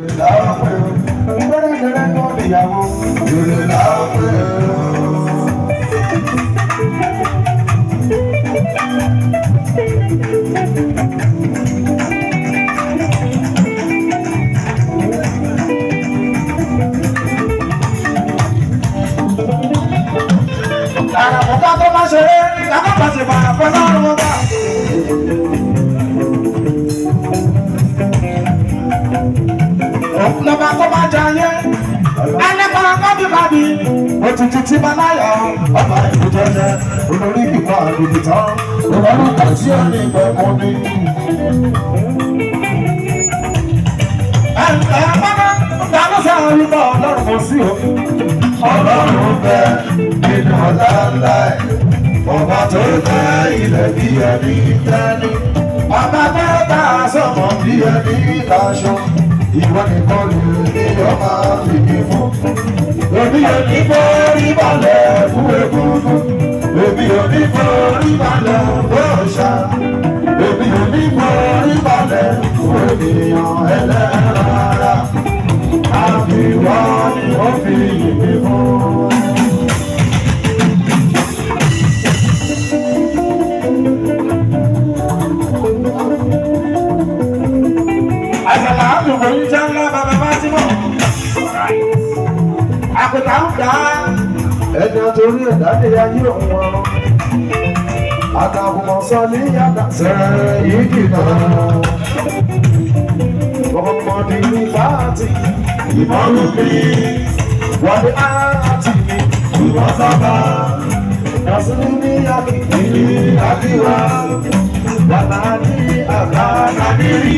Para botar, toma, chorei, dá pra fazer, vai, vai, vai, vai, vai. mi òtútù tí máa láyọ̀ ọba ìlú jẹjẹ olórí ìgbà àgbègbè tán ìwọ́n ìgbà tí ó ní ìgbà ẹ̀kọ́ ní. ẹ̀ǹtẹ̀ mọ́nà dáná sáà ń bọ̀ ọlọ́run kò sí o. ọlọ́run bẹ nínú ọ̀la ńlá ẹ̀ ọba tó dá ilẹ̀ bí ẹni dání bàbá tó dá sọ̀mọ́ bí ẹni dáṣọ ìwọ nìkan lè lọ́ba fìdí fún. Èmi ò ní forí balẹ̀ fún egúngún. Èmi ò ní forí balẹ̀ fún ọ̀ṣà. Èmi ò ní forí balẹ̀ fún ènìyàn ẹlẹ́ran. àpẹta ń dá. ẹ̀dá torí ẹ̀dá lè yáyé wọn. àtàkùn ọ̀sán ní yàtà sẹ́yìn dìgbà. ọmọdé ní pàtì ìmọ̀rún mi wọ́n ní àti ìwọ́n sábà. Nasiri ni akikiri akiwa, wanani akanadiri,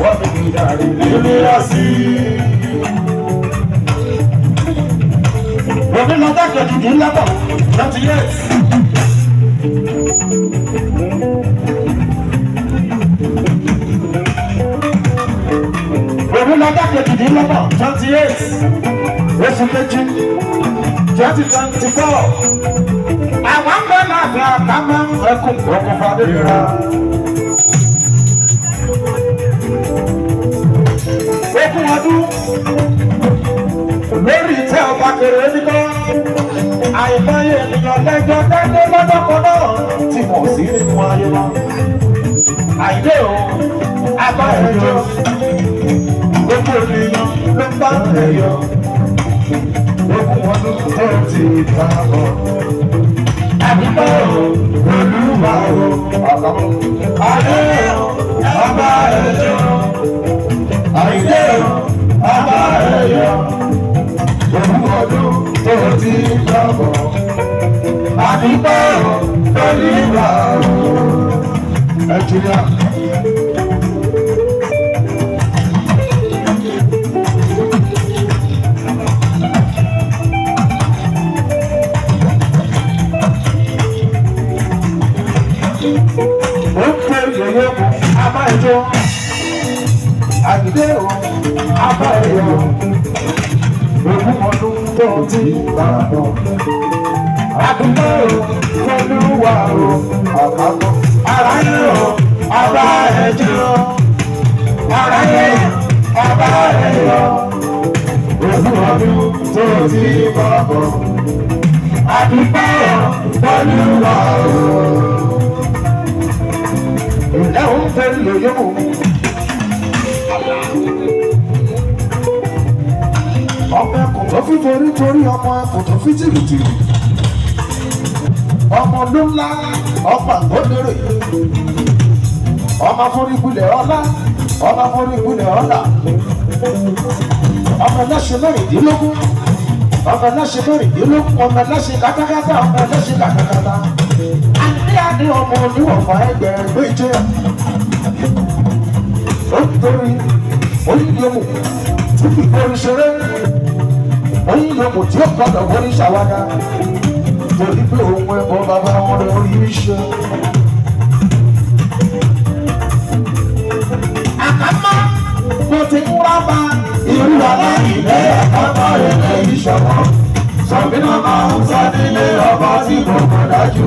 wamikidari lele asi òní lọ dákẹ́ dùdú ńlá bọ̀ láti yẹ. òní lọ dákẹ́ dùdú ńlá bọ̀ twenty eight oṣù kejì twenty twenty four àwọn ọmọ náà fi àkàmọ́ ẹkùn ọkùn fàdébìrà. ogún ọdún lórí ìtẹ́ ọba kẹrẹ àìmọye ènìyàn lẹ́jọ́ tẹ́lẹ̀ lọ́dọ́kọ náà tí kò sí nínú ayé wọn. àyè o abáyọjọ gbogbo ènìyàn ló bá ẹyọ ogun ọdún tó ti ta bọ̀. àdúgbò o olúwa o ọ̀kan o abáyọjọ àyè o abáyọjọ òwú ọdún tó ti lọ́bọ̀ àdúgbò lórí ìgbà ẹ jùlọ. Abáyọ̀, àdúgbò, abáyọ̀ ogún ọdún tó kù tí ìbàdàn. Adúgbò Olúwa o, ọ̀gá kan. Ara yín o, ọba ẹ̀jẹ̀ o. Ara yín ọba ẹ̀yọ. Ogún ọdún tó kù tí ìbàdàn. Adúgbò Olúwa o. Ilé fẹ́ lóyún ọmọ ẹkùn tó fi borí borí ọmọ ẹkùn tó fi tìrìtìrì ọmọ ọdún ńlá ọgbà àgbọ̀nlérè ọmọ afọrígbulẹ̀ ọlá ọmọ afọrígbulẹ̀ ọlá ọmọ ẹlẹ́sìn mẹ́rìndínlógún ọmọ ẹlẹ́sìn mẹ́rìndínlógún ọmọ ẹlẹ́sìn kátàkátà ọmọ ẹlẹ́sìn kátàkátà àti àdé ọmọ oníwọ̀fà ẹgbẹ̀rún méje ó ń torí ó ń yẹmu ó ń borí ṣeré wọ́n yín lọ́mọ tí ó gbọ́dọ̀ wọ́n ní ṣàwádà torí pé òun ẹ̀bọ bàbá wọn ló rí iṣẹ́. àkàmọ́ mo ti ń wá bá irú aláìlẹ́ àkàmọ́ ilẹ̀ ìṣọ̀wọ́ sọ̀bínà máa ń sá nílé ọba tí mo mọ̀ dájú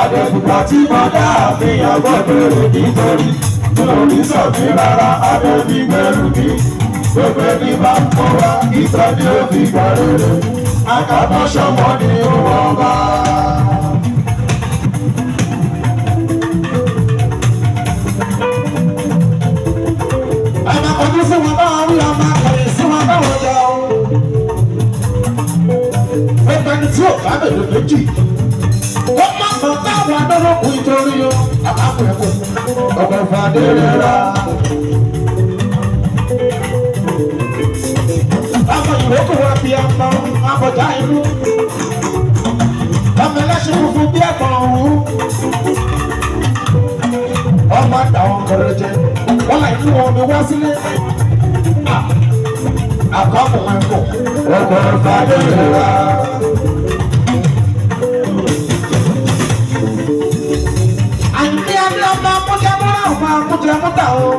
àdẹ̀kùkà tí mo dá àfihàn gbọ́dọ̀ rẹ̀ nítorí mi ò ní sọ̀tún rárá adébí gbẹ̀rù mi. Bébè ní bá ń kọ́ wa, ìtọ́ ni ó fi gbà rere. Akàbọ̀ṣọ̀mọ́ ni ó wọ́n bá. tí ò bá bẹ̀rẹ̀ méjì. ó má mọ báwa lọ́rọ̀ kù nítorí o. àbáwọ̀ ẹ̀kọ́ ọ̀gbọ̀n fàdé rẹ̀ rà. ọmọ ìwókù wa fi apá abọ̀dá ìlú. ọmọ ẹlẹ́sìn funfun bí ẹ̀gbọ́n òun. ọmọ àtàwọn kọ̀rọ̀ jẹ wọ́n láì fún wọn mi wá sílé. àkọ́kùn wọn kò. ọkọ̀ ọ̀fà ló ń ra. àyíké ẹni ọmọ akúnjẹ mọ́ra ọmọ akúnjẹ mọ́ta o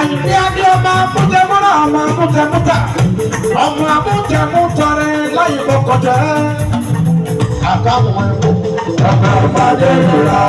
àyìndé abíọ́mọ mútẹmúrà ọmọ mútẹmútà ọmọ amútẹmútọrẹ láyìnbó kọjá àkàwọn ẹ̀kọ́ ọmọ ìpàdé ìlú rà.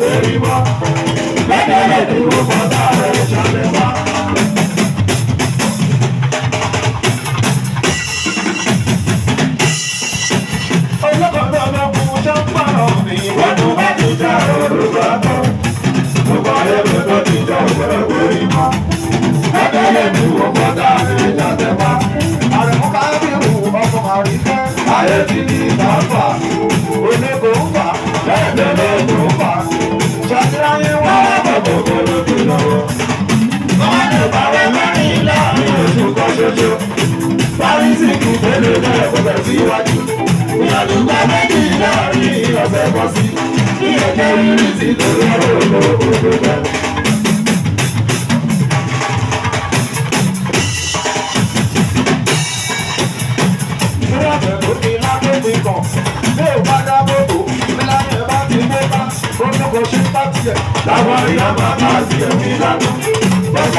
beri ma Legele duro bata re chale ma Olókòtò ọmọ kú tó ń pààrọ̀ mi Wọ́n tún bá ti já olùkọ́ tó Gbogbo ayé mi tó ti já òwúrọ̀ beri ma Legele duro bata re chale ma Àrùn kábírù ọkọ̀ àríkẹ́ Ayé ti ní ìdáfà Oníkòó lọ́wọ́. Kọ́mọ́dé bàrẹ̀ mẹ́rin láàrin oṣù kan ṣoṣo. Parísì kù tẹ́lẹ̀ náà kò tẹ̀ síwájú. Ìyàdùn gbá méjì láàrin ọ̀sẹ̀ kan sí. Ìyẹ̀kẹ́ rírì sí torí ọ